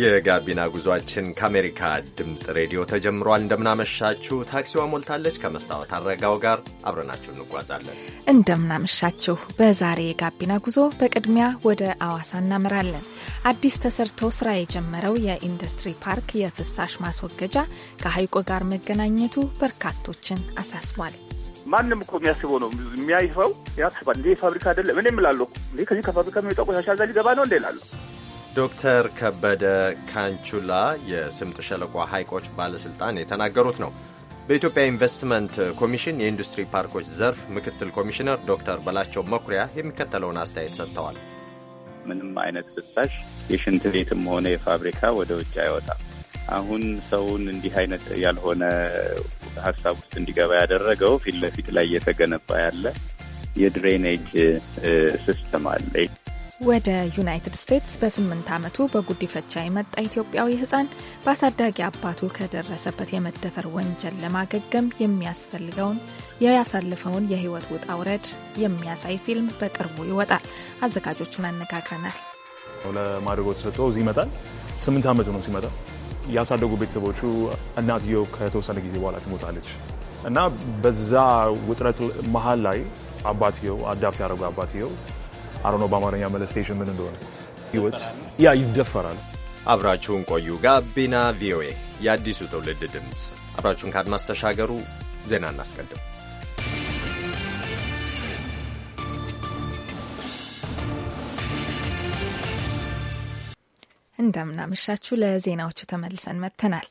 የጋቢና ጉዟችን ከአሜሪካ ድምፅ ሬዲዮ ተጀምሯል። እንደምናመሻችሁ ታክሲዋ ሞልታለች። ከመስታወት አረጋው ጋር አብረናችሁ እንጓዛለን። እንደምናመሻችሁ። በዛሬ የጋቢና ጉዞ በቅድሚያ ወደ አዋሳ እናምራለን። አዲስ ተሰርቶ ስራ የጀመረው የኢንዱስትሪ ፓርክ የፍሳሽ ማስወገጃ ከሐይቆ ጋር መገናኘቱ በርካቶችን አሳስቧል። ማንም እኮ የሚያስበው ነው የሚያይፈው ያስባል። ይህ ፋብሪካ አይደለም። እኔ ምላለሁ። ከዚህ ከፋብሪካ የሚወጣ ቆሻሻ እዛ ሊገባ ነው እንዴ እላለሁ ዶክተር ከበደ ካንቹላ የስምጥ ሸለቆ ሐይቆች ባለሥልጣን የተናገሩት ነው። በኢትዮጵያ ኢንቨስትመንት ኮሚሽን የኢንዱስትሪ ፓርኮች ዘርፍ ምክትል ኮሚሽነር ዶክተር በላቸው መኩሪያ የሚከተለውን አስተያየት ሰጥተዋል። ምንም አይነት ፍሳሽ የሽንት ቤትም ሆነ የፋብሪካ ወደ ውጭ አይወጣም። አሁን ሰውን እንዲህ አይነት ያልሆነ ሀሳብ ውስጥ እንዲገባ ያደረገው ፊት ለፊት ላይ እየተገነባ ያለ የድሬኔጅ ሲስተም አለ። ወደ ዩናይትድ ስቴትስ በስምንት ዓመቱ በጉዲፈቻ የመጣ ኢትዮጵያዊ ህፃን በአሳዳጊ አባቱ ከደረሰበት የመደፈር ወንጀል ለማገገም የሚያስፈልገውን ያሳለፈውን የህይወት ውጣ ውረድ የሚያሳይ ፊልም በቅርቡ ይወጣል። አዘጋጆቹን አነጋግረናል። ለማድረጎ ተሰጥቶ እዚህ ይመጣል። ስምንት ዓመቱ ነው ሲመጣ። ያሳደጉ ቤተሰቦቹ እናትየው ከተወሰነ ጊዜ በኋላ ትሞታለች እና በዛ ውጥረት መሀል ላይ አባትየው አዳፕት ያደረጉ አባትየው አሮኖ በአማርኛ መለስቴሽን ምን እንደሆነ ህይወት ያ ይደፈራል። አብራችሁን ቆዩ። ጋቢና ቪኦኤ የአዲሱ ትውልድ ድምፅ፣ አብራችሁን ከአድማስ ተሻገሩ። ዜና እናስቀድም። እንደምናመሻችሁ ለዜናዎቹ ተመልሰን መጥተናል።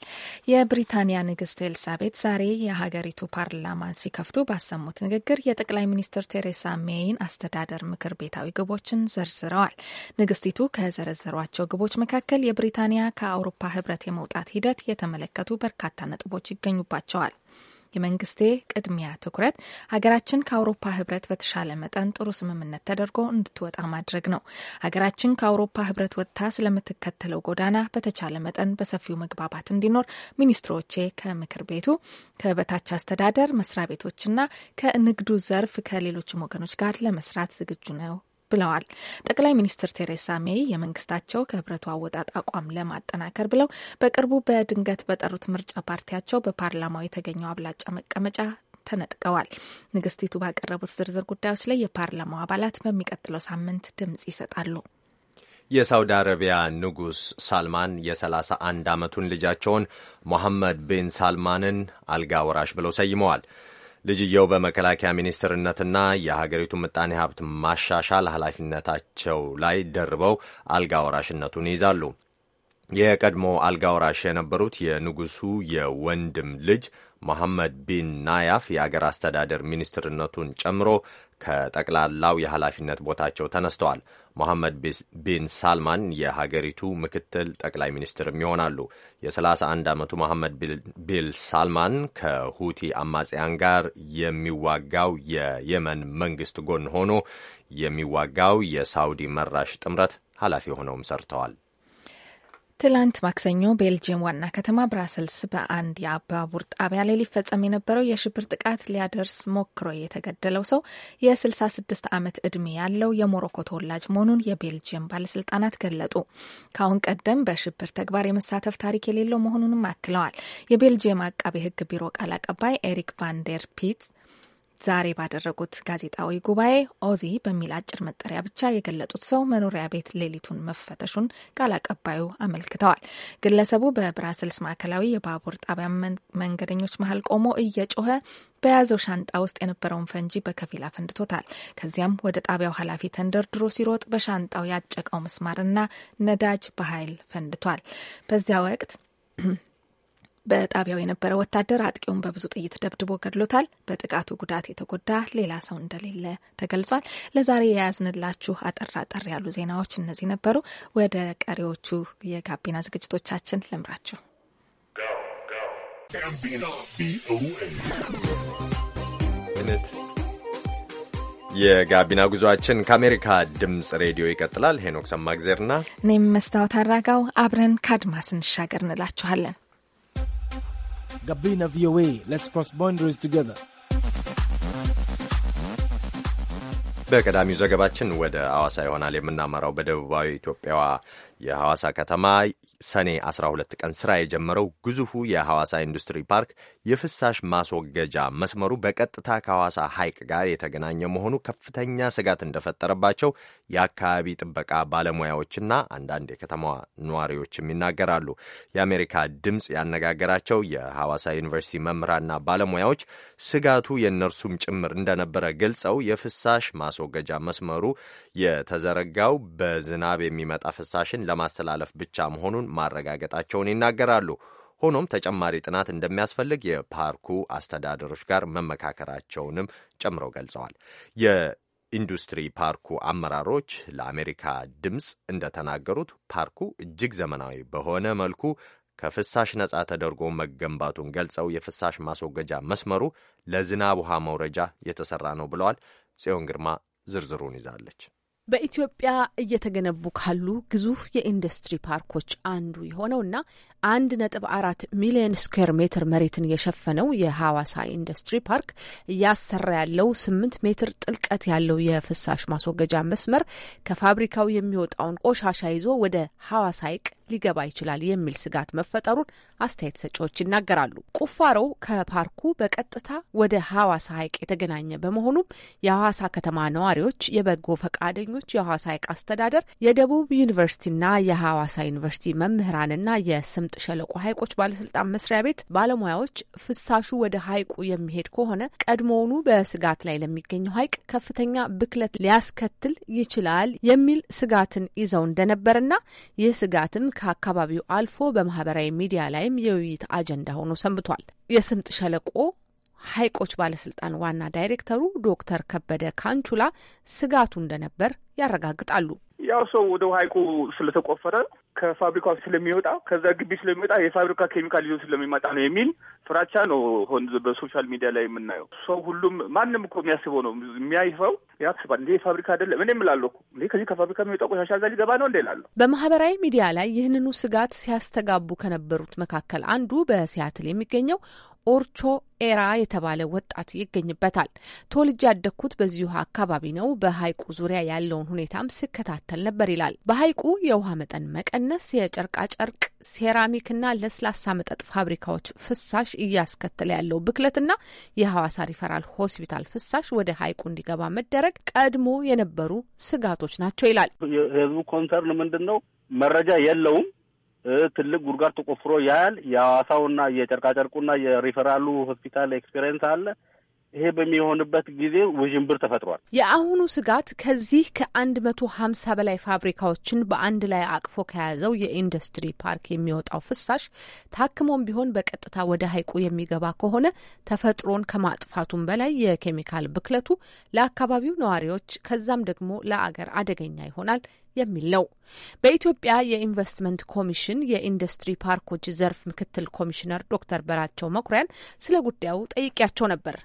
የብሪታንያ ንግስት ኤልሳቤት ዛሬ የሀገሪቱ ፓርላማ ሲከፍቱ ባሰሙት ንግግር የጠቅላይ ሚኒስትር ቴሬሳ ሜይን አስተዳደር ምክር ቤታዊ ግቦችን ዘርዝረዋል። ንግስቲቱ ከዘረዘሯቸው ግቦች መካከል የብሪታንያ ከአውሮፓ ህብረት የመውጣት ሂደት የተመለከቱ በርካታ ነጥቦች ይገኙባቸዋል። የመንግስቴ ቅድሚያ ትኩረት ሀገራችን ከአውሮፓ ህብረት በተሻለ መጠን ጥሩ ስምምነት ተደርጎ እንድትወጣ ማድረግ ነው። ሀገራችን ከአውሮፓ ህብረት ወጥታ ስለምትከተለው ጎዳና በተቻለ መጠን በሰፊው መግባባት እንዲኖር ሚኒስትሮቼ ከምክር ቤቱ ከበታች አስተዳደር መስሪያ ቤቶችና ከንግዱ ዘርፍ ከሌሎችም ወገኖች ጋር ለመስራት ዝግጁ ነው ብለዋል። ጠቅላይ ሚኒስትር ቴሬሳ ሜይ የመንግስታቸው ከህብረቱ አወጣጥ አቋም ለማጠናከር ብለው በቅርቡ በድንገት በጠሩት ምርጫ ፓርቲያቸው በፓርላማው የተገኘው አብላጫ መቀመጫ ተነጥቀዋል። ንግስቲቱ ባቀረቡት ዝርዝር ጉዳዮች ላይ የፓርላማው አባላት በሚቀጥለው ሳምንት ድምጽ ይሰጣሉ። የሳውዲ አረቢያ ንጉሥ ሳልማን የ31 ዓመቱን ልጃቸውን ሞሐመድ ቢን ሳልማንን አልጋ ወራሽ ብለው ሰይመዋል። ልጅየው በመከላከያ ሚኒስትርነትና የሀገሪቱ ምጣኔ ሀብት ማሻሻል ኃላፊነታቸው ላይ ደርበው አልጋ ወራሽነቱን ይይዛሉ። የቀድሞ አልጋ ወራሽ የነበሩት የንጉሱ የወንድም ልጅ መሐመድ ቢን ናያፍ የአገር አስተዳደር ሚኒስትርነቱን ጨምሮ ከጠቅላላው የኃላፊነት ቦታቸው ተነስተዋል። ሞሐመድ ቢን ሳልማን የሀገሪቱ ምክትል ጠቅላይ ሚኒስትርም ይሆናሉ። የ31 ዓመቱ መሐመድ ቢን ሳልማን ከሁቲ አማጽያን ጋር የሚዋጋው የየመን መንግስት ጎን ሆኖ የሚዋጋው የሳውዲ መራሽ ጥምረት ኃላፊ ሆነውም ሰርተዋል። ትላንት ማክሰኞ ቤልጅየም ዋና ከተማ ብራሰልስ በአንድ የአባቡር ጣቢያ ላይ ሊፈጸም የነበረው የሽብር ጥቃት ሊያደርስ ሞክሮ የተገደለው ሰው የ66 ዓመት ዕድሜ ያለው የሞሮኮ ተወላጅ መሆኑን የቤልጅየም ባለስልጣናት ገለጡ። ከአሁን ቀደም በሽብር ተግባር የመሳተፍ ታሪክ የሌለው መሆኑንም አክለዋል። የቤልጅየም አቃቤ ሕግ ቢሮ ቃል አቀባይ ኤሪክ ቫንደር ፒት ዛሬ ባደረጉት ጋዜጣዊ ጉባኤ ኦዚ በሚል አጭር መጠሪያ ብቻ የገለጹት ሰው መኖሪያ ቤት ሌሊቱን መፈተሹን ቃል አቀባዩ አመልክተዋል። ግለሰቡ በብራሰልስ ማዕከላዊ የባቡር ጣቢያ መንገደኞች መሀል ቆሞ እየጮኸ በያዘው ሻንጣ ውስጥ የነበረውን ፈንጂ በከፊል አፈንድቶታል። ከዚያም ወደ ጣቢያው ኃላፊ ተንደርድሮ ሲሮጥ በሻንጣው ያጨቀው ምስማርና ነዳጅ በኃይል ፈንድቷል። በዚያ ወቅት በጣቢያው የነበረ ወታደር አጥቂውን በብዙ ጥይት ደብድቦ ገድሎታል። በጥቃቱ ጉዳት የተጎዳ ሌላ ሰው እንደሌለ ተገልጿል። ለዛሬ የያዝንላችሁ አጠር አጠር ያሉ ዜናዎች እነዚህ ነበሩ። ወደ ቀሪዎቹ የጋቢና ዝግጅቶቻችን ልምራችሁ። የጋቢና ጉዟችን ከአሜሪካ ድምፅ ሬዲዮ ይቀጥላል። ሄኖክ ሰማግዜርና እኔም መስታወት አራጋው አብረን ከአድማስ እንሻገር እንላችኋለን። Gabina VOA. Let's cross boundaries together. በቀዳሚው ዘገባችን ወደ አዋሳ ይሆናል የምናመራው። በደቡባዊ ኢትዮጵያዋ የሐዋሳ ከተማ ሰኔ 12 ቀን ሥራ የጀመረው ግዙፉ የሐዋሳ ኢንዱስትሪ ፓርክ የፍሳሽ ማስወገጃ መስመሩ በቀጥታ ከሐዋሳ ሐይቅ ጋር የተገናኘ መሆኑ ከፍተኛ ስጋት እንደፈጠረባቸው የአካባቢ ጥበቃ ባለሙያዎችና አንዳንድ የከተማዋ ነዋሪዎችም ይናገራሉ። የአሜሪካ ድምፅ ያነጋገራቸው የሐዋሳ ዩኒቨርሲቲ መምህራንና ባለሙያዎች ስጋቱ የእነርሱም ጭምር እንደነበረ ገልጸው የፍሳሽ ማስወገጃ መስመሩ የተዘረጋው በዝናብ የሚመጣ ፍሳሽን ለማስተላለፍ ብቻ መሆኑን ማረጋገጣቸውን ይናገራሉ። ሆኖም ተጨማሪ ጥናት እንደሚያስፈልግ የፓርኩ አስተዳደሮች ጋር መመካከራቸውንም ጨምረው ገልጸዋል። የኢንዱስትሪ ፓርኩ አመራሮች ለአሜሪካ ድምፅ እንደተናገሩት ፓርኩ እጅግ ዘመናዊ በሆነ መልኩ ከፍሳሽ ነጻ ተደርጎ መገንባቱን ገልጸው የፍሳሽ ማስወገጃ መስመሩ ለዝናብ ውሃ መውረጃ የተሰራ ነው ብለዋል። ጽዮን ግርማ ዝርዝሩን ይዛለች። በኢትዮጵያ እየተገነቡ ካሉ ግዙፍ የኢንዱስትሪ ፓርኮች አንዱ የሆነውና አንድ ነጥብ አራት ሚሊዮን ስኩዌር ሜትር መሬትን የሸፈነው የሐዋሳ ኢንዱስትሪ ፓርክ እያሰራ ያለው ስምንት ሜትር ጥልቀት ያለው የፍሳሽ ማስወገጃ መስመር ከፋብሪካው የሚወጣውን ቆሻሻ ይዞ ወደ ሐዋሳ ሐይቅ ሊገባ ይችላል የሚል ስጋት መፈጠሩን አስተያየት ሰጪዎች ይናገራሉ። ቁፋሮው ከፓርኩ በቀጥታ ወደ ሐዋሳ ሐይቅ የተገናኘ በመሆኑም የሐዋሳ ከተማ ነዋሪዎች፣ የበጎ ፈቃደኞች፣ የሐዋሳ ሐይቅ አስተዳደር፣ የደቡብ ዩኒቨርሲቲና የሐዋሳ ዩኒቨርሲቲ መምህራንና የስምጥ ሸለቆ ሐይቆች ባለስልጣን መስሪያ ቤት ባለሙያዎች ፍሳሹ ወደ ሐይቁ የሚሄድ ከሆነ ቀድሞውኑ በስጋት ላይ ለሚገኘው ሐይቅ ከፍተኛ ብክለት ሊያስከትል ይችላል የሚል ስጋትን ይዘው እንደነበርና ይህ ስጋትም ከአካባቢው አልፎ በማህበራዊ ሚዲያ ላይም የውይይት አጀንዳ ሆኖ ሰንብቷል። የስምጥ ሸለቆ ሐይቆች ባለስልጣን ዋና ዳይሬክተሩ ዶክተር ከበደ ካንቹላ ስጋቱ እንደነበር ያረጋግጣሉ። ያው ሰው ወደ ሐይቁ ስለተቆፈረ ከፋብሪካ ስለሚወጣ ከዛ ግቢ ስለሚወጣ የፋብሪካ ኬሚካል ይዞ ስለሚመጣ ነው የሚል ፍራቻ ነው። ሆን በሶሻል ሚዲያ ላይ የምናየው ሰው ሁሉም ማንም እኮ የሚያስበው ነው የሚያይፈው ያስባል። እንዴ ፋብሪካ አይደለም እኔ እምላለሁ እኮ እንዴ ከዚህ ከፋብሪካ የሚወጣ ቆሻሻ እዛ ሊገባ ነው እንዴ እላለሁ። በማህበራዊ ሚዲያ ላይ ይህንኑ ስጋት ሲያስተጋቡ ከነበሩት መካከል አንዱ በሲያትል የሚገኘው ኦርቾ ኤራ የተባለ ወጣት ይገኝበታል። ተወልጄ ያደግኩት በዚሁ አካባቢ ነው። በሐይቁ ዙሪያ ያለውን ሁኔታም ስከታተል ነበር ይላል። በሐይቁ የውሃ መጠን መቀነስ የጨርቃጨርቅ ሴራሚክና ለስላሳ መጠጥ ፋብሪካዎች ፍሳሽ እያስከተለ ያለው ብክለትና የሐዋሳ ሪፈራል ሆስፒታል ፍሳሽ ወደ ሐይቁ እንዲገባ መደረግ ቀድሞ የነበሩ ስጋቶች ናቸው ይላል። የህዝቡ ኮንሰርን ምንድን ነው? መረጃ የለውም። ትልቅ ጉድጓድ ተቆፍሮ ያህል የሐዋሳውና የጨርቃጨርቁና የሪፈራሉ ሆስፒታል ኤክስፔሪንስ አለ። ይሄ በሚሆንበት ጊዜ ውዥንብር ተፈጥሯል። የአሁኑ ስጋት ከዚህ ከአንድ መቶ ሀምሳ በላይ ፋብሪካዎችን በአንድ ላይ አቅፎ ከያዘው የኢንዱስትሪ ፓርክ የሚወጣው ፍሳሽ ታክሞም ቢሆን በቀጥታ ወደ ሀይቁ የሚገባ ከሆነ ተፈጥሮን ከማጥፋቱም በላይ የኬሚካል ብክለቱ ለአካባቢው ነዋሪዎች ከዛም ደግሞ ለአገር አደገኛ ይሆናል የሚል ነው። በኢትዮጵያ የኢንቨስትመንት ኮሚሽን የኢንዱስትሪ ፓርኮች ዘርፍ ምክትል ኮሚሽነር ዶክተር በራቸው መኩሪያን ስለ ጉዳዩ ጠይቄያቸው ነበር።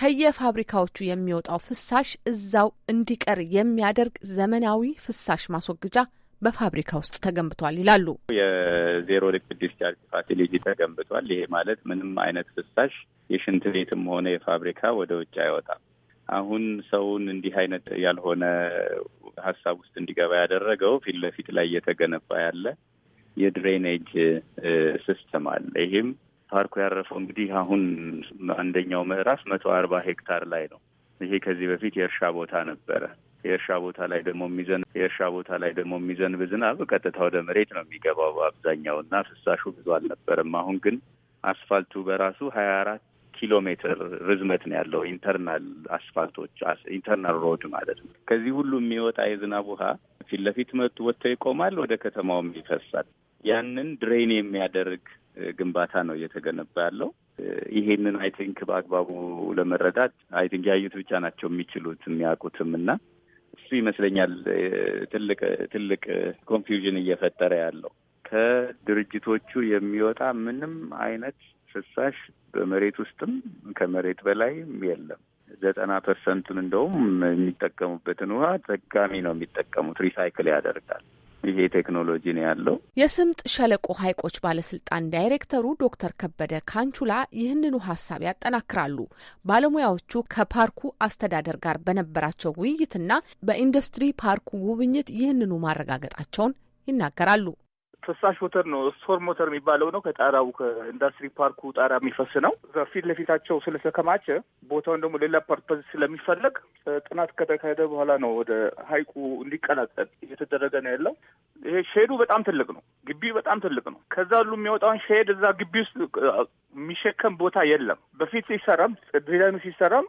ከየፋብሪካዎቹ የሚወጣው ፍሳሽ እዛው እንዲቀር የሚያደርግ ዘመናዊ ፍሳሽ ማስወገጃ በፋብሪካ ውስጥ ተገንብቷል ይላሉ። የዜሮ ሊኩድ ዲስቻርጅ ፋሲሊቲ ተገንብቷል። ይሄ ማለት ምንም አይነት ፍሳሽ የሽንት ቤትም ሆነ የፋብሪካ ወደ ውጭ አይወጣም። አሁን ሰውን እንዲህ አይነት ያልሆነ ሀሳብ ውስጥ እንዲገባ ያደረገው ፊት ለፊት ላይ እየተገነባ ያለ የድሬኔጅ ሲስተም አለ። ይህም ፓርኩ ያረፈው እንግዲህ አሁን አንደኛው ምዕራፍ መቶ አርባ ሄክታር ላይ ነው። ይሄ ከዚህ በፊት የእርሻ ቦታ ነበረ። የእርሻ ቦታ ላይ ደግሞ የሚዘን የእርሻ ቦታ ላይ ደግሞ የሚዘንብ ዝናብ ቀጥታ ወደ መሬት ነው የሚገባው በአብዛኛው እና ፍሳሹ ብዙ አልነበረም። አሁን ግን አስፋልቱ በራሱ ሀያ አራት ኪሎ ሜትር ርዝመት ነው ያለው ኢንተርናል አስፋልቶች ኢንተርናል ሮድ ማለት ነው። ከዚህ ሁሉ የሚወጣ የዝናብ ውሃ ፊት ለፊት መቱ ወጥቶ ይቆማል፣ ወደ ከተማውም ይፈሳል። ያንን ድሬን የሚያደርግ ግንባታ ነው እየተገነባ ያለው። ይሄንን አይ ቲንክ በአግባቡ ለመረዳት አይ ቲንክ ያዩት ብቻ ናቸው የሚችሉት የሚያውቁትም እና እሱ ይመስለኛል ትልቅ ትልቅ ኮንፊውዥን እየፈጠረ ያለው ከድርጅቶቹ የሚወጣ ምንም አይነት ፍሳሽ በመሬት ውስጥም ከመሬት በላይም የለም። ዘጠና ፐርሰንቱን እንደውም የሚጠቀሙበትን ውሃ ጠቃሚ ነው የሚጠቀሙት፣ ሪሳይክል ያደርጋል። ይሄ ቴክኖሎጂ ነው ያለው። የስምጥ ሸለቆ ሐይቆች ባለስልጣን ዳይሬክተሩ ዶክተር ከበደ ካንቹላ ይህንኑ ሀሳብ ያጠናክራሉ። ባለሙያዎቹ ከፓርኩ አስተዳደር ጋር በነበራቸው ውይይትና በኢንዱስትሪ ፓርኩ ጉብኝት ይህንኑ ማረጋገጣቸውን ይናገራሉ። ፍሳሽ ሞተር ነው። ስቶር ሞተር የሚባለው ነው። ከጣራው ከኢንዱስትሪ ፓርኩ ጣራ የሚፈስ ነው። እዛ ፊት ለፊታቸው ስለተከማቸ ቦታውን ደግሞ ሌላ ፐርፐዝ ስለሚፈለግ ጥናት ከተካሄደ በኋላ ነው ወደ ሀይቁ እንዲቀላቀል እየተደረገ ነው ያለው። ይሄ ሼዱ በጣም ትልቅ ነው። ግቢ በጣም ትልቅ ነው። ከዛ ሁሉ የሚያወጣውን ሼድ እዛ ግቢ ውስጥ የሚሸከም ቦታ የለም። በፊት ሲሰራም ዲዛይኑ ሲሰራም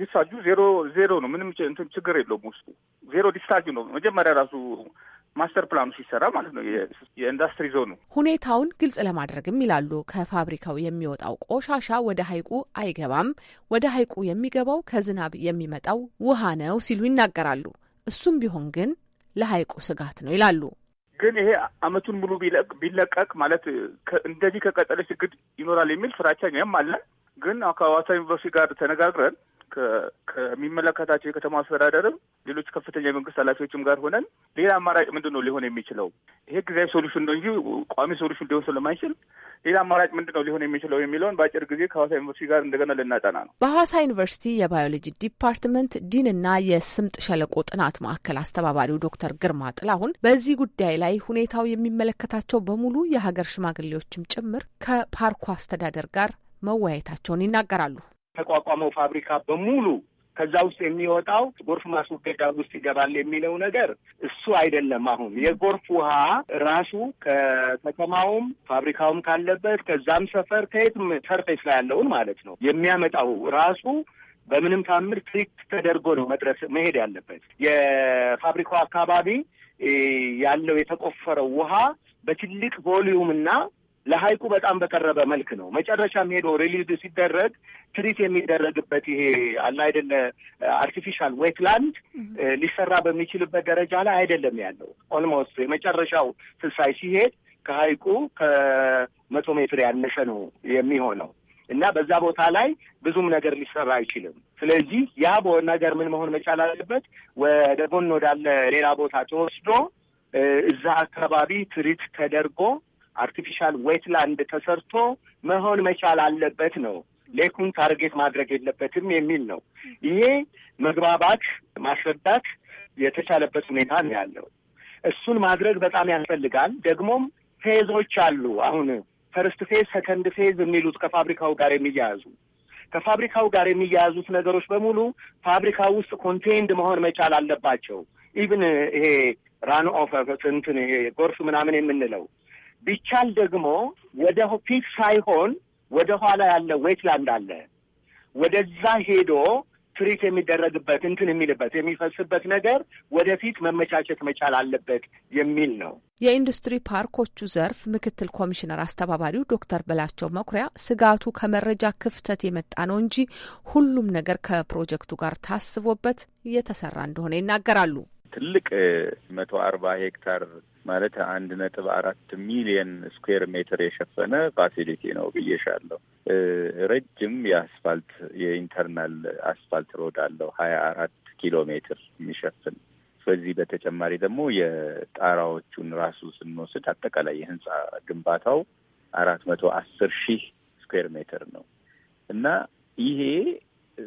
ዲስቻርጁ ዜሮ ዜሮ ነው። ምንም እንትን ችግር የለውም። ውስጡ ዜሮ ዲስቻርጅ ነው መጀመሪያ ራሱ ማስተር ፕላኑ ሲሰራ ማለት ነው። የኢንዱስትሪ ዞኑ ሁኔታውን ግልጽ ለማድረግም ይላሉ ከፋብሪካው የሚወጣው ቆሻሻ ወደ ሀይቁ አይገባም፣ ወደ ሀይቁ የሚገባው ከዝናብ የሚመጣው ውሃ ነው ሲሉ ይናገራሉ። እሱም ቢሆን ግን ለሀይቁ ስጋት ነው ይላሉ። ግን ይሄ አመቱን ሙሉ ቢለቀቅ ማለት እንደዚህ ከቀጠለ ችግር ይኖራል የሚል ፍራቻ እኛም አለን። ግን ከአዋሳ ዩኒቨርሲቲ ጋር ተነጋግረን ከሚመለከታቸው የከተማ አስተዳደርም ሌሎች ከፍተኛ የመንግስት ኃላፊዎችም ጋር ሆነን ሌላ አማራጭ ምንድን ነው ሊሆን የሚችለው? ይሄ ጊዜያዊ ሶሉሽን ነው እንጂ ቋሚ ሶሉሽን ሊሆን ስለማይችል ሌላ አማራጭ ምንድን ነው ሊሆን የሚችለው የሚለውን በአጭር ጊዜ ከሀዋሳ ዩኒቨርሲቲ ጋር እንደገና ልናጠና ነው። በሀዋሳ ዩኒቨርሲቲ የባዮሎጂ ዲፓርትመንት ዲንና የስምጥ ሸለቆ ጥናት ማዕከል አስተባባሪው ዶክተር ግርማ ጥላሁን በዚህ ጉዳይ ላይ ሁኔታው የሚመለከታቸው በሙሉ የሀገር ሽማግሌዎችም ጭምር ከፓርኩ አስተዳደር ጋር መወያየታቸውን ይናገራሉ። የተቋቋመው ፋብሪካ በሙሉ ከዛ ውስጥ የሚወጣው ጎርፍ ማስወገጃ ውስጥ ይገባል የሚለው ነገር እሱ አይደለም። አሁን የጎርፍ ውሃ ራሱ ከከተማውም ፋብሪካውም ካለበት ከዛም ሰፈር ከየትም ሰርፌስ ላይ ያለውን ማለት ነው የሚያመጣው ራሱ በምንም ታምር ትሪክ ተደርጎ ነው መድረስ መሄድ ያለበት። የፋብሪካው አካባቢ ያለው የተቆፈረው ውሃ በትልቅ ቮሊዩም እና ለሀይቁ በጣም በቀረበ መልክ ነው። መጨረሻም ሄዶ ሪሊዝ ሲደረግ ትሪት የሚደረግበት ይሄ አለ አይደለ አርቲፊሻል ዌትላንድ ሊሰራ በሚችልበት ደረጃ ላይ አይደለም ያለው። ኦልሞስት የመጨረሻው ትንሳይ ሲሄድ ከሀይቁ ከመቶ ሜትር ያነሰ ነው የሚሆነው እና በዛ ቦታ ላይ ብዙም ነገር ሊሰራ አይችልም። ስለዚህ ያ ነገር ምን መሆን መቻል አለበት ወደ ጎን ወዳለ ሌላ ቦታ ተወስዶ እዛ አካባቢ ትሪት ተደርጎ አርቲፊሻል ዌትላንድ ተሰርቶ መሆን መቻል አለበት ነው። ሌኩን ታርጌት ማድረግ የለበትም የሚል ነው። ይሄ መግባባት ማስረዳት የተቻለበት ሁኔታ ነው ያለው። እሱን ማድረግ በጣም ያስፈልጋል። ደግሞም ፌዞች አሉ። አሁን ፈርስት ፌዝ፣ ሰከንድ ፌዝ የሚሉት ከፋብሪካው ጋር የሚያያዙ ከፋብሪካው ጋር የሚያያዙት ነገሮች በሙሉ ፋብሪካ ውስጥ ኮንቴንድ መሆን መቻል አለባቸው። ኢቭን ይሄ ራን ኦፍ ስንትን ይሄ ጎርፍ ምናምን የምንለው ቢቻል ደግሞ ወደ ፊት ሳይሆን ወደ ኋላ ያለ ዌትላንድ አለ። ወደዛ ሄዶ ትሪት የሚደረግበት እንትን የሚልበት የሚፈስበት ነገር ወደፊት መመቻቸት መቻል አለበት የሚል ነው። የኢንዱስትሪ ፓርኮቹ ዘርፍ ምክትል ኮሚሽነር አስተባባሪው ዶክተር በላቸው መኩሪያ ስጋቱ ከመረጃ ክፍተት የመጣ ነው እንጂ ሁሉም ነገር ከፕሮጀክቱ ጋር ታስቦበት እየተሰራ እንደሆነ ይናገራሉ። ትልቅ መቶ አርባ ሄክታር ማለት አንድ ነጥብ አራት ሚሊየን ስኩዌር ሜትር የሸፈነ ፋሲሊቲ ነው ብዬሻለሁ። ረጅም የአስፋልት የኢንተርናል አስፋልት ሮድ አለው ሀያ አራት ኪሎ ሜትር የሚሸፍን በዚህ በተጨማሪ ደግሞ የጣራዎቹን ራሱ ስንወስድ አጠቃላይ የህንፃ ግንባታው አራት መቶ አስር ሺህ ስኩዌር ሜትር ነው እና ይሄ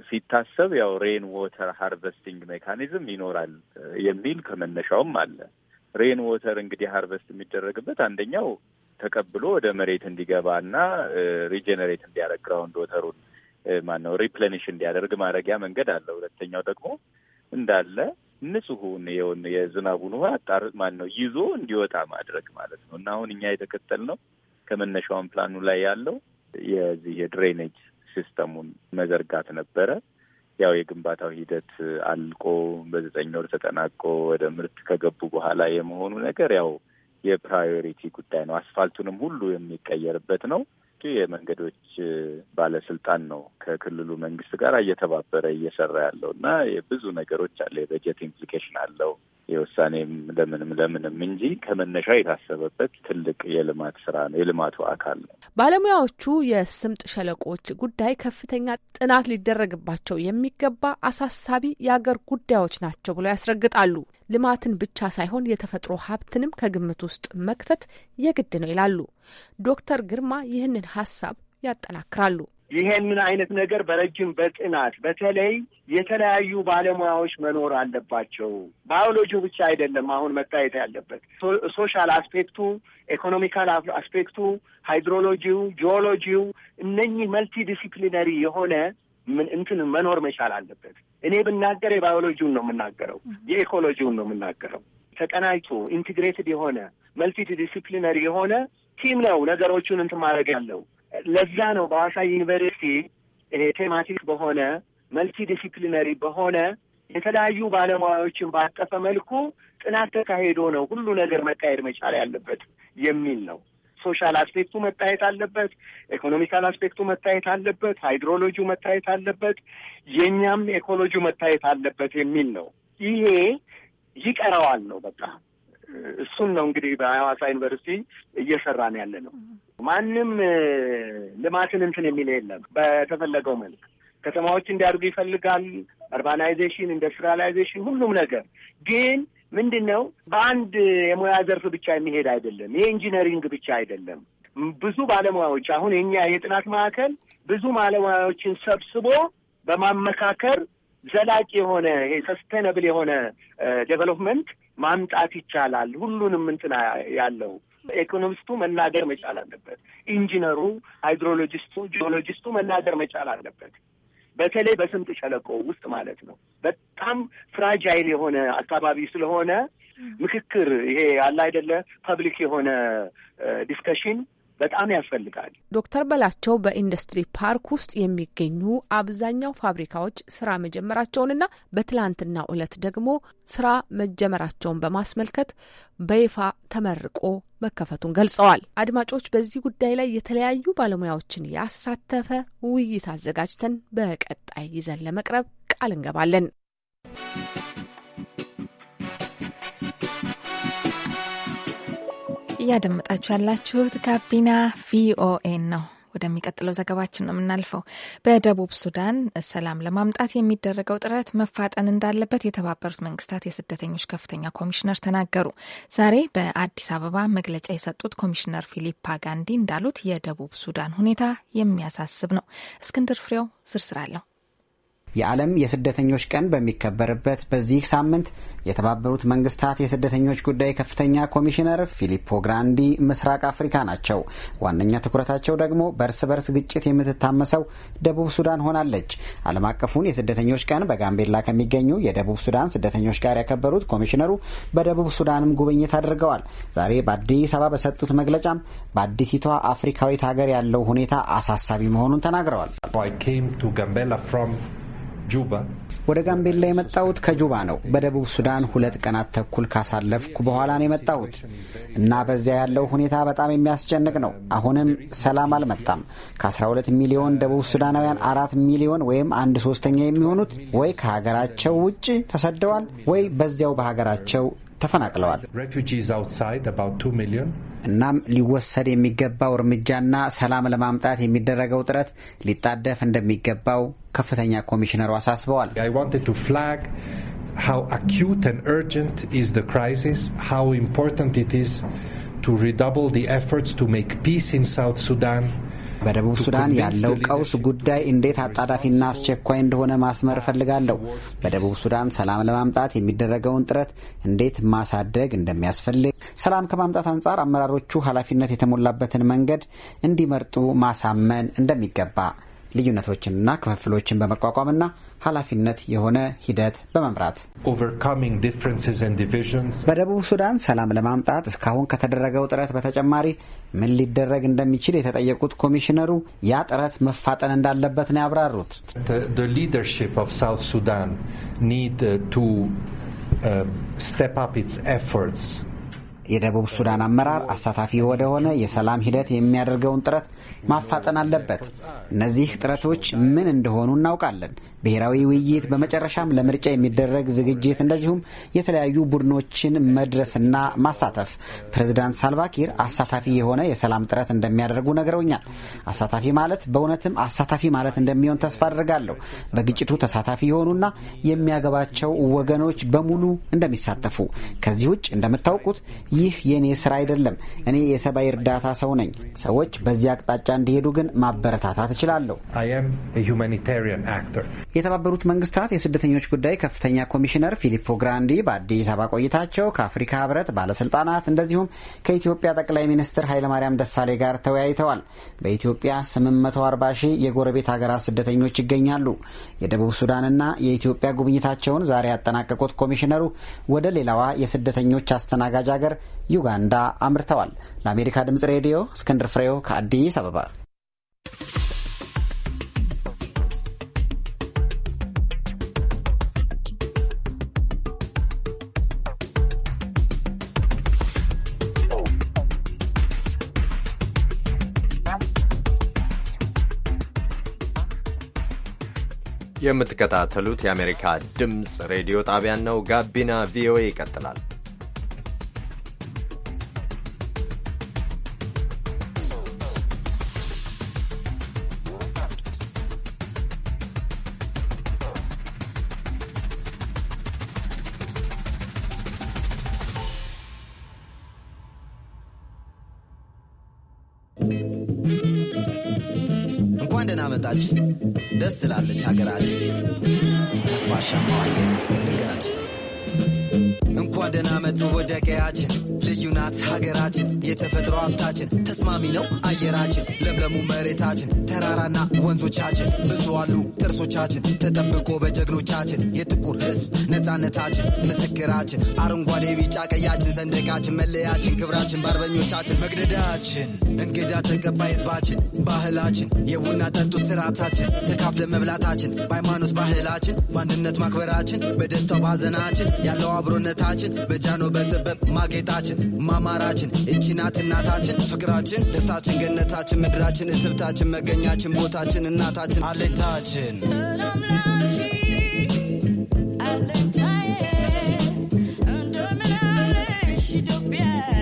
ሲታሰብ ያው ሬን ዎተር ሃርቨስቲንግ ሜካኒዝም ይኖራል የሚል ከመነሻውም አለ። ሬን ዎተር እንግዲህ ሃርቨስት የሚደረግበት አንደኛው ተቀብሎ ወደ መሬት እንዲገባ እና ሪጀነሬት እንዲያደርግ ግራውንድ ዎተሩን ማነው ሪፕሌኒሽ እንዲያደርግ ማድረጊያ መንገድ አለ። ሁለተኛው ደግሞ እንዳለ ንጹሁን የሆን የዝናቡን ውሃ ጣር ነው ይዞ እንዲወጣ ማድረግ ማለት ነው እና አሁን እኛ የተከተል ነው ከመነሻውን ፕላኑ ላይ ያለው የዚህ የድሬኔጅ ሲስተሙን መዘርጋት ነበረ። ያው የግንባታው ሂደት አልቆ በዘጠኝ ወር ተጠናቆ ወደ ምርት ከገቡ በኋላ የመሆኑ ነገር ያው የፕራዮሪቲ ጉዳይ ነው። አስፋልቱንም ሁሉ የሚቀየርበት ነው። የመንገዶች ባለስልጣን ነው ከክልሉ መንግስት ጋር እየተባበረ እየሰራ ያለው እና ብዙ ነገሮች አለ። የበጀት ኢምፕሊኬሽን አለው። የውሳኔም ለምንም ለምንም እንጂ ከመነሻ የታሰበበት ትልቅ የልማት ስራ ነው፣ የልማቱ አካል ነው። ባለሙያዎቹ የስምጥ ሸለቆዎች ጉዳይ ከፍተኛ ጥናት ሊደረግባቸው የሚገባ አሳሳቢ የአገር ጉዳዮች ናቸው ብለው ያስረግጣሉ። ልማትን ብቻ ሳይሆን የተፈጥሮ ሀብትንም ከግምት ውስጥ መክተት የግድ ነው ይላሉ። ዶክተር ግርማ ይህንን ሀሳብ ያጠናክራሉ። ይሄንን አይነት ነገር በረጅም በጥናት በተለይ የተለያዩ ባለሙያዎች መኖር አለባቸው። ባዮሎጂው ብቻ አይደለም አሁን መታየት ያለበት ሶሻል አስፔክቱ፣ ኢኮኖሚካል አስፔክቱ፣ ሃይድሮሎጂው፣ ጂኦሎጂው እነኚህ መልቲ ዲሲፕሊነሪ የሆነ ምን እንትን መኖር መቻል አለበት። እኔ ብናገር የባዮሎጂውን ነው የምናገረው፣ የኢኮሎጂውን ነው የምናገረው። ተቀናጅቶ ኢንቲግሬትድ የሆነ መልቲ ዲሲፕሊነሪ የሆነ ቲም ነው ነገሮቹን እንትን ማድረግ ያለው ለዛ ነው በሐዋሳ ዩኒቨርሲቲ ቴማቲክ በሆነ መልቲ ዲሲፕሊነሪ በሆነ የተለያዩ ባለሙያዎችን ባቀፈ መልኩ ጥናት ተካሄዶ ነው ሁሉ ነገር መካሄድ መቻል ያለበት የሚል ነው። ሶሻል አስፔክቱ መታየት አለበት። ኢኮኖሚካል አስፔክቱ መታየት አለበት። ሃይድሮሎጂው መታየት አለበት። የእኛም ኢኮሎጂው መታየት አለበት የሚል ነው። ይሄ ይቀረዋል ነው በቃ እሱን ነው እንግዲህ በሐዋሳ ዩኒቨርሲቲ እየሰራን ያለ ነው። ማንም ልማትን እንትን የሚል የለም። በተፈለገው መልክ ከተማዎች እንዲያድጉ ይፈልጋል። አርባናይዜሽን፣ ኢንዱስትሪያላይዜሽን፣ ሁሉም ነገር ግን ምንድን ነው በአንድ የሙያ ዘርፍ ብቻ የሚሄድ አይደለም። የኢንጂነሪንግ ብቻ አይደለም። ብዙ ባለሙያዎች አሁን የኛ የጥናት ማዕከል ብዙ ባለሙያዎችን ሰብስቦ በማመካከር ዘላቂ የሆነ ሰስቴነብል ሰስቴናብል የሆነ ዴቨሎፕመንት ማምጣት ይቻላል። ሁሉንም እንትና ያለው ኢኮኖሚስቱ መናገር መቻል አለበት። ኢንጂነሩ፣ ሃይድሮሎጂስቱ፣ ጂኦሎጂስቱ መናገር መቻል አለበት። በተለይ በስምጥ ሸለቆ ውስጥ ማለት ነው። በጣም ፍራጃይል የሆነ አካባቢ ስለሆነ ምክክር ይሄ አለ አይደለ ፐብሊክ የሆነ ዲስከሽን በጣም ያስፈልጋል። ዶክተር በላቸው በኢንዱስትሪ ፓርክ ውስጥ የሚገኙ አብዛኛው ፋብሪካዎች ስራ መጀመራቸውንና በትላንትና ዕለት ደግሞ ስራ መጀመራቸውን በማስመልከት በይፋ ተመርቆ መከፈቱን ገልጸዋል። አድማጮች፣ በዚህ ጉዳይ ላይ የተለያዩ ባለሙያዎችን ያሳተፈ ውይይት አዘጋጅተን በቀጣይ ይዘን ለመቅረብ ቃል እንገባለን። እያደመጣችሁ ያላችሁት ጋቢና ቪኦኤን ነው። ወደሚቀጥለው ዘገባችን ነው የምናልፈው። በደቡብ ሱዳን ሰላም ለማምጣት የሚደረገው ጥረት መፋጠን እንዳለበት የተባበሩት መንግስታት የስደተኞች ከፍተኛ ኮሚሽነር ተናገሩ። ዛሬ በአዲስ አበባ መግለጫ የሰጡት ኮሚሽነር ፊሊፓ ጋንዲ እንዳሉት የደቡብ ሱዳን ሁኔታ የሚያሳስብ ነው። እስክንድር ፍሬው ዝርዝር አለው። የዓለም የስደተኞች ቀን በሚከበርበት በዚህ ሳምንት የተባበሩት መንግስታት የስደተኞች ጉዳይ ከፍተኛ ኮሚሽነር ፊሊፖ ግራንዲ ምስራቅ አፍሪካ ናቸው። ዋነኛ ትኩረታቸው ደግሞ በእርስ በርስ ግጭት የምትታመሰው ደቡብ ሱዳን ሆናለች። ዓለም አቀፉን የስደተኞች ቀን በጋምቤላ ከሚገኙ የደቡብ ሱዳን ስደተኞች ጋር ያከበሩት ኮሚሽነሩ በደቡብ ሱዳንም ጉብኝት አድርገዋል። ዛሬ በአዲስ አበባ በሰጡት መግለጫም በአዲሲቷ አፍሪካዊት ሀገር ያለው ሁኔታ አሳሳቢ መሆኑን ተናግረዋል። ጁባ። ወደ ጋምቤላ የመጣሁት ከጁባ ነው። በደቡብ ሱዳን ሁለት ቀናት ተኩል ካሳለፍኩ በኋላ ነው የመጣሁት እና በዚያ ያለው ሁኔታ በጣም የሚያስጨንቅ ነው። አሁንም ሰላም አልመጣም። ከ12 ሚሊዮን ደቡብ ሱዳናውያን አራት ሚሊዮን ወይም አንድ ሶስተኛ የሚሆኑት ወይ ከሀገራቸው ውጭ ተሰደዋል ወይ በዚያው በሀገራቸው ተፈናቅለዋል። እናም ሊወሰድ የሚገባው እርምጃና ሰላም ለማምጣት የሚደረገው ጥረት ሊጣደፍ እንደሚገባው ከፍተኛ ኮሚሽነሩ አሳስበዋል። how acute and urgent is the crisis, how important it is to redouble the efforts to make peace in South Sudan. በደቡብ ሱዳን ያለው ቀውስ ጉዳይ እንዴት አጣዳፊና አስቸኳይ እንደሆነ ማስመር እፈልጋለሁ። በደቡብ ሱዳን ሰላም ለማምጣት የሚደረገውን ጥረት እንዴት ማሳደግ እንደሚያስፈልግ፣ ሰላም ከማምጣት አንጻር አመራሮቹ ኃላፊነት የተሞላበትን መንገድ እንዲመርጡ ማሳመን እንደሚገባ ልዩነቶችንና ክፍፍሎችን በመቋቋምና ኃላፊነት የሆነ ሂደት በመምራት በደቡብ ሱዳን ሰላም ለማምጣት እስካሁን ከተደረገው ጥረት በተጨማሪ ምን ሊደረግ እንደሚችል የተጠየቁት ኮሚሽነሩ ያ ጥረት መፋጠን እንዳለበት ነው ያብራሩት። ሱዳን የደቡብ ሱዳን አመራር አሳታፊ ወደሆነ የሰላም ሂደት የሚያደርገውን ጥረት ማፋጠን አለበት። እነዚህ ጥረቶች ምን እንደሆኑ እናውቃለን። ብሔራዊ ውይይት፣ በመጨረሻም ለምርጫ የሚደረግ ዝግጅት፣ እንደዚሁም የተለያዩ ቡድኖችን መድረስና ማሳተፍ። ፕሬዚዳንት ሳልቫኪር አሳታፊ የሆነ የሰላም ጥረት እንደሚያደርጉ ነግረውኛል። አሳታፊ ማለት በእውነትም አሳታፊ ማለት እንደሚሆን ተስፋ አድርጋለሁ። በግጭቱ ተሳታፊ የሆኑና የሚያገባቸው ወገኖች በሙሉ እንደሚሳተፉ ከዚህ ውጭ እንደምታውቁት ይህ የእኔ ስራ አይደለም። እኔ የሰብአዊ እርዳታ ሰው ነኝ። ሰዎች በዚህ አቅጣጫ እንዲሄዱ ግን ማበረታታት እችላለሁ። የተባበሩት መንግስታት የስደተኞች ጉዳይ ከፍተኛ ኮሚሽነር ፊሊፖ ግራንዲ በአዲስ አበባ ቆይታቸው ከአፍሪካ ህብረት ባለስልጣናት እንደዚሁም ከኢትዮጵያ ጠቅላይ ሚኒስትር ኃይለማርያም ደሳሌ ጋር ተወያይተዋል። በኢትዮጵያ 840 ሺህ የጎረቤት ሀገራት ስደተኞች ይገኛሉ። የደቡብ ሱዳንና የኢትዮጵያ ጉብኝታቸውን ዛሬ ያጠናቀቁት ኮሚሽነሩ ወደ ሌላዋ የስደተኞች አስተናጋጅ ሀገር ዩጋንዳ አምርተዋል። ለአሜሪካ ድምጽ ሬዲዮ እስክንድር ፍሬው ከአዲስ አበባ። የምትከታተሉት የአሜሪካ ድምፅ ሬዲዮ ጣቢያን ነው። ጋቢና ቪኦኤ ይቀጥላል። ትኖራለች ሀገራት ነፋሻማው አየር ነገራችስ እንኳን ደህና መጡ ወደ ቀያችን ልዩ ናት ሀገራችን የተፈጥሮ ሀብታችን ተስማሚ ነው አየራችን ለምለሙ መሬታችን ተራራና ወንዞቻችን ብዙ አሉ ጥርሶቻችን ተጠብቆ በጀግኖቻችን የጥቁር ሕዝብ ነፃነታችን ምስክራችን አረንጓዴ ቢጫ ቀያችን ሰንደቃችን መለያችን ክብራችን በአርበኞቻችን መግደዳችን እንግዳ ተቀባይ ሕዝባችን ባህላችን የቡና ጠጡት ስርዓታችን ተካፍለ መብላታችን በሃይማኖት ባህላችን በአንድነት ማክበራችን በደስታው ባዘናችን ያለው አብሮነታችን በጃኖ በጥበብ ማጌጣችን ማማራችን እቺ ናት እናታችን ፍቅራችን ደስታችን ገነታችን ምድራችን እስብታችን መገኛችን ቦታችን እናታችን አለኝታችን Yeah.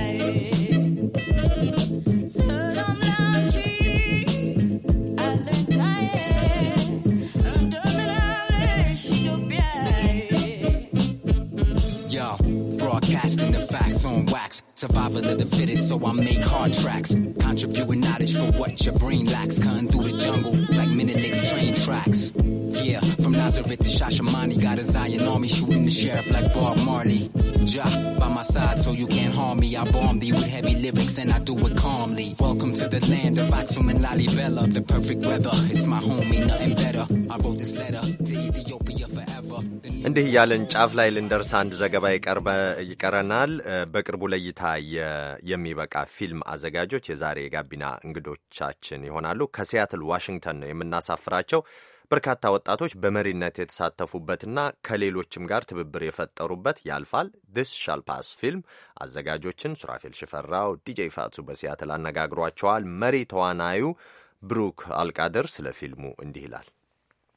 survival of the fittest, so I make hard tracks. Contributing knowledge for what your brain lacks. Cutting through the jungle like Menelik's train tracks. Yeah, from Nazareth to Shashamani, got a Zion army shooting the sheriff like Bob Marley. Ja, by my side so you can't harm me. I bomb thee with heavy lyrics and I do it calmly. Welcome to the land of Atum and Lalibela. The perfect weather, it's my home, ain't nothing better. I wrote this letter to Ethiopia. እንዲህ እያለን ጫፍ ላይ ልንደርስ አንድ ዘገባ ይቀረናል። በቅርቡ ለእይታ የሚበቃ ፊልም አዘጋጆች የዛሬ የጋቢና እንግዶቻችን ይሆናሉ። ከሲያትል ዋሽንግተን ነው የምናሳፍራቸው። በርካታ ወጣቶች በመሪነት የተሳተፉበትና ከሌሎችም ጋር ትብብር የፈጠሩበት ያልፋል ዲስ ሻልፓስ ፊልም አዘጋጆችን ሱራፌል ሽፈራው፣ ዲጄ ፋቱ በሲያትል አነጋግሯቸዋል። መሪ ተዋናዩ ብሩክ አልቃድር ስለ ፊልሙ እንዲህ ይላል።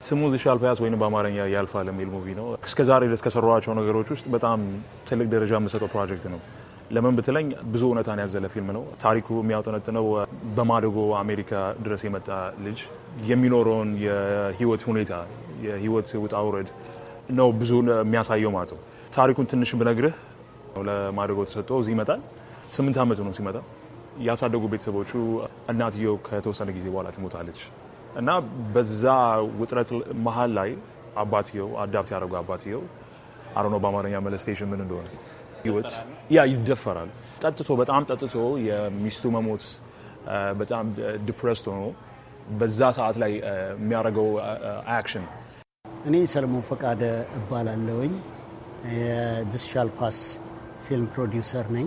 ስሙ ዚሻል ፓያስ ወይም በአማርኛ ያልፋል የሚል ሙቪ ነው። እስከ ዛሬ ድረስ ከሰሯቸው ነገሮች ውስጥ በጣም ትልቅ ደረጃ የምሰጠው ፕሮጀክት ነው። ለምን ብትለኝ ብዙ እውነታን ያዘለ ፊልም ነው። ታሪኩ የሚያውጠነጥነው በማደጎ አሜሪካ ድረስ የመጣ ልጅ የሚኖረውን የህይወት ሁኔታ የህይወት ውጣ ውረድ ነው ብዙ የሚያሳየው ማለት ነው። ታሪኩን ትንሽ ብነግርህ ለማደጎ ተሰጥቶ እዚህ ይመጣል። ስምንት ዓመቱ ነው ሲመጣ። ያሳደጉ ቤተሰቦቹ እናትየው ከተወሰነ ጊዜ በኋላ ትሞታለች። እና በዛ ውጥረት መሀል ላይ አባትየው አዳፕት ያደረጉ አባትየው አሮኖ በአማርኛ መለስቴሽን ምን እንደሆነ ህይወት ያ ይደፈራል። ጠጥቶ በጣም ጠጥቶ የሚስቱ መሞት በጣም ዲፕረስድ ሆኖ በዛ ሰዓት ላይ የሚያደርገው አክሽን። እኔ ሰለሞን ፈቃደ እባላለሁኝ። የዲስሻል ፓስ ፊልም ፕሮዲውሰር ነኝ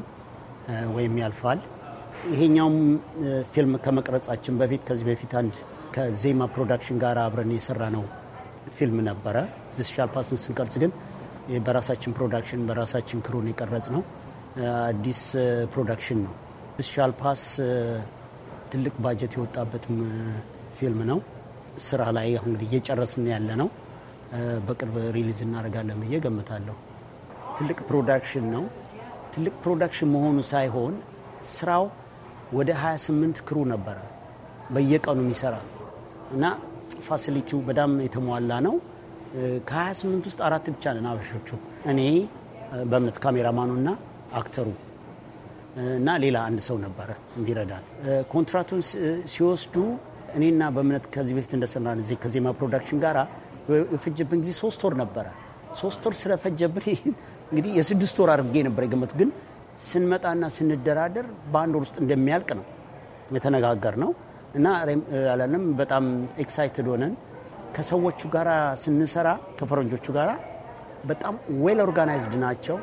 ወይም ያልፋል። ይሄኛውም ፊልም ከመቅረጻችን በፊት ከዚህ በፊት አንድ ከዜማ ፕሮዳክሽን ጋር አብረን የሰራ ነው ፊልም ነበረ። ዚስ ሻል ፓስን ስንቀርጽ ግን በራሳችን ፕሮዳክሽን በራሳችን ክሩን የቀረጽ ነው። አዲስ ፕሮዳክሽን ነው። ዚስ ሻል ፓስ ትልቅ ባጀት የወጣበትም ፊልም ነው። ስራ ላይ አሁን እንግዲህ እየጨረስን ያለ ነው። በቅርብ ሪሊዝ እናደርጋለን ብዬ ገምታለሁ። ትልቅ ፕሮዳክሽን ነው። ትልቅ ፕሮዳክሽን መሆኑ ሳይሆን ስራው ወደ 28 ክሩ ነበረ በየቀኑ የሚሰራ እና ፋሲሊቲው በጣም የተሟላ ነው። ከ28 ውስጥ አራት ብቻ ነን አበሾቹ፣ እኔ በእምነት ካሜራማኑ እና አክተሩ እና ሌላ አንድ ሰው ነበረ እንዲረዳል። ኮንትራቱን ሲወስዱ እኔና በእምነት ከዚህ በፊት እንደሰራ ከዜማ ፕሮዳክሽን ጋር የፈጀብን ጊዜ ሶስት ወር ነበረ። ሶስት ወር ስለፈጀብን እንግዲህ የስድስት ወር አድርጌ ነበር የገመቱ፣ ግን ስንመጣና ስንደራደር በአንድ ወር ውስጥ እንደሚያልቅ ነው የተነጋገር ነው። እና አላንም በጣም ኤክሳይትድ ሆነን ከሰዎቹ ጋር ስንሰራ ከፈረንጆቹ ጋር በጣም ዌል ኦርጋናይዝድ ናቸው።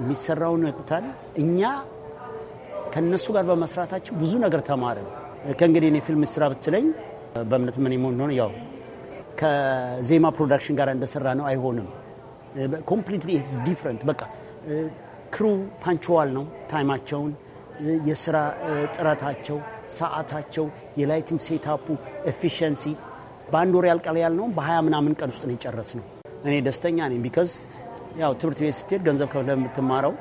የሚሰራውን ያውቁታል። እኛ ከነሱ ጋር በመስራታቸው ብዙ ነገር ተማርን። ከእንግዲህ እኔ ፊልም ስራ ብትለኝ በእምነት ምን ሆን ያው ከዜማ ፕሮዳክሽን ጋር እንደሰራ ነው አይሆንም። ኮምፕሊትሊ ኢዝ ዲፍረንት። በቃ ክሩ ፓንችዋል ነው። ታይማቸውን፣ የስራ ጥረታቸው ሰዓታቸው፣ የላይቲንግ ሴታፑ ኤፊሽንሲ በአንድ ወር ያልቃል ያልነውም በሀያ ምናምን ቀን ውስጥ ነው የጨረስነው። እኔ ደስተኛ ነኝ። ቢከዝ ያው ትምህርት ቤት ስትሄድ ገንዘብ ከፍለህ የምትማረው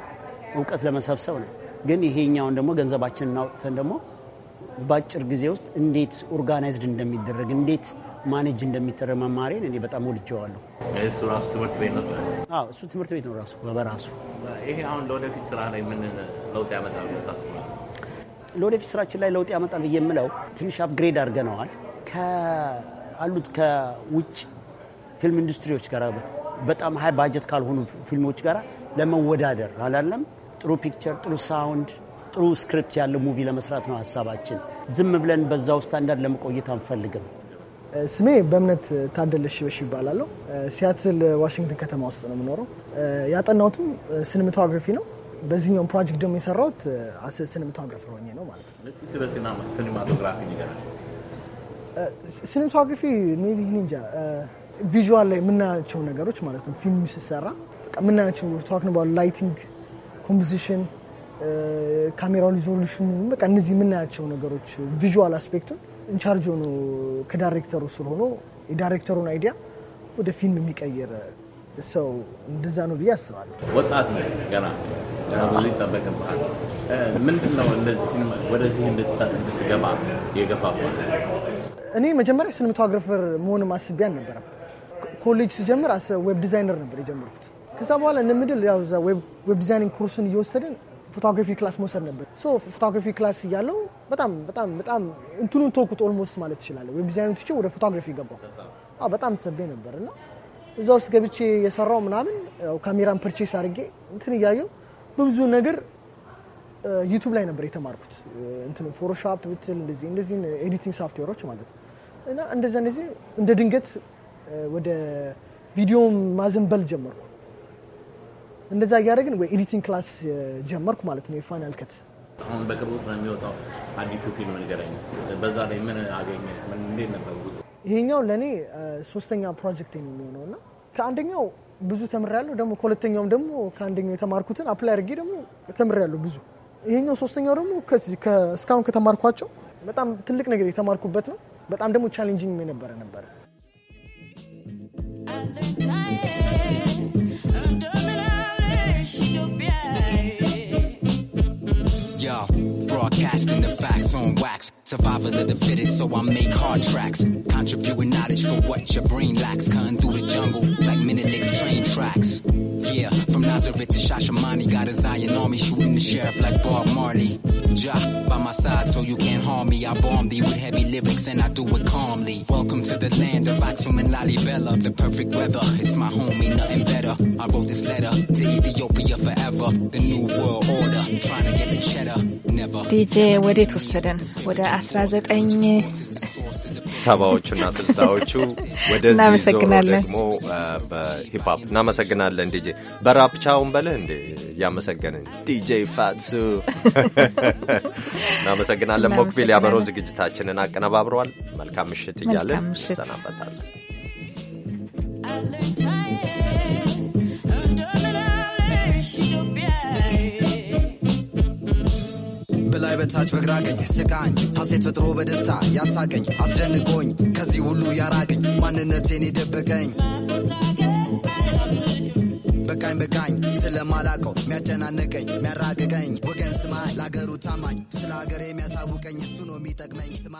እውቀት ለመሰብሰብ ነው። ግን ይሄኛውን ደግሞ ገንዘባችን እናውጥተን ደግሞ በአጭር ጊዜ ውስጥ እንዴት ኦርጋናይዝድ እንደሚደረግ እንዴት ማኔጅ እንደሚደረግ መማሬን እኔ በጣም ወድጀዋለሁ። እሱ ራሱ ትምህርት ቤት ነበር። እሱ ትምህርት ቤት ነው ራሱ በበራሱ። ይሄ አሁን ለወደፊት ስራ ላይ ምን ለውጥ ያመጣል? ለወደፊት ስራችን ላይ ለውጥ ያመጣል ብዬ የምለው ትንሽ አፕግሬድ አድርገነዋል አሉት ከውጭ ፊልም ኢንዱስትሪዎች ጋር በጣም ሀይ ባጀት ካልሆኑ ፊልሞች ጋር ለመወዳደር አላለም። ጥሩ ፒክቸር፣ ጥሩ ሳውንድ፣ ጥሩ ስክሪፕት ያለው ሙቪ ለመስራት ነው ሀሳባችን። ዝም ብለን በዛው ስታንዳርድ ለመቆየት አንፈልግም። ስሜ በእምነት ታደለ ሽበሽ ይባላለሁ። ሲያትል ዋሽንግተን ከተማ ውስጥ ነው የምኖረው። ያጠናሁትም ሲኒማቶግራፊ ነው። በዚህኛውም ፕሮጀክት ደግሞ የሰራሁት ሲኒማቶግራፈር ሆኜ ነው ማለት ነው። ሲኒማቶግራፊ ሜይ ቢ እንጃ ቪዥዋል ላይ የምናያቸው ነገሮች ማለት ነው። ፊልም ሲሰራ የምናያቸው ታክ ነው፣ ላይቲንግ፣ ኮምፖዚሽን፣ ካሜራው ሪዞሉሽን፣ በቃ እነዚህ የምናያቸው ነገሮች ቪዥዋል አስፔክቱን ኢንቻርጅ ሆኖ ከዳይሬክተሩ ስር ሆኖ የዳይሬክተሩን አይዲያ ወደ ፊልም የሚቀይር ሰው እንደዛ ነው ብዬ አስባለሁ። ወጣት ነው ገና ብዙ ይጠበቅብሃል። ምንድን ነው እንደዚህ ወደዚህ እንድትገባ የገፋፋ? እኔ መጀመሪያ ሲኒማቶግራፈር መሆን አስቤ አልነበረም። ኮሌጅ ስጀምር ዌብ ዲዛይነር ነበር የጀመርኩት። ከዛ በኋላ እንደምድል ያው ዌብ ዲዛይኒንግ ኮርስን እየወሰድን ፎቶግራፊ ክላስ መውሰድ ነበር። ሶ ፎቶግራፊ ክላስ እያለው በጣም በጣም በጣም እንትኑን ተውኩት ኦልሞስት ማለት ትችላለህ። ዌብ ዲዛይኑ ትቼ ወደ ፎቶግራፊ ገባሁ። በጣም ሰቤ ነበር እና እዛ ውስጥ ገብቼ የሰራው ምናምን ካሜራን ፐርቼስ አድርጌ እንትን እያየው በብዙ ነገር ዩቱብ ላይ ነበር የተማርኩት። እንትን ፎቶሾፕ ብትል እንደዚህ እንደዚህ ኤዲቲንግ ሶፍትዌሮች ማለት እና እንደዛ እንደዚህ እንደ ድንገት ወደ ቪዲዮ ማዘንበል ጀመርኩ። እንደዛ እያደረግን ወይ ኤዲቲንግ ክላስ ጀመርኩ ማለት ነው። የፋይናል ከት አሁን በቅርቡ ስለሚወጣው አዲሱ ፊልም ንገረኝ። በዛ ላይ ምን አገኘ? ምን እንዴት ነበር? ይሄኛው ለእኔ ሶስተኛ ፕሮጀክት ነው የሚሆነው እና ከአንደኛው ብዙ ተምሬያለሁ። ደግሞ ከሁለተኛውም ደግሞ ከአንደኛው የተማርኩትን አፕላይ አድርጌ ደግሞ ተምሬያለሁ ብዙ። ይሄኛው ሶስተኛው ደግሞ እስካሁን ከተማርኳቸው በጣም ትልቅ ነገር የተማርኩበት ነው። በጣም ደግሞ ቻሌንጂንግ የነበረ ነበረ። broadcasting the facts on wax. Survivors of the fittest, so I make hard tracks. Contributing knowledge for what your brain lacks. Cutting through the jungle like Minilix train tracks. Yeah, from Nazareth to Shashamani, got a Zion army shooting the sheriff like Bob Marley. Ja, by my side so you can't harm me. I bomb thee with heavy lyrics and I do it calmly. Welcome to the land of Aksum and Lalibela, the perfect weather. It's my home, ain't nothing better. I wrote this letter to Ethiopia forever, the new world order. Trying to get the cheddar. ዲጄ ወዴት ወሰደን? ወደ 19 ሰባዎቹ እና ስልሳዎቹ ወደዚህ እናመሰግናለን። ደግሞ በሂፕሆፕ እናመሰግናለን። ዲጄ በራፕቻውን በልህ እንዴ እያመሰገንን ዲጄ ፋትሱ እናመሰግናለን። ሞክቢል ያበሮ ዝግጅታችንን አቀነባብረዋል። መልካም ምሽት እያለን ሰናበታለን። በላይ በታች በግራቀኝ ስቃኝ ሐሴት ፈጥሮ በደስታ ያሳቀኝ አስደንቆኝ ከዚህ ሁሉ ያራቀኝ ማንነቴን የደበቀኝ በቃኝ በቃኝ ስለማላቀው የሚያጨናነቀኝ የሚያራቅቀኝ ወገን ስማኝ ለአገሩ ታማኝ ስለ ሀገር የሚያሳውቀኝ እሱ ነው የሚጠቅመኝ ስማኝ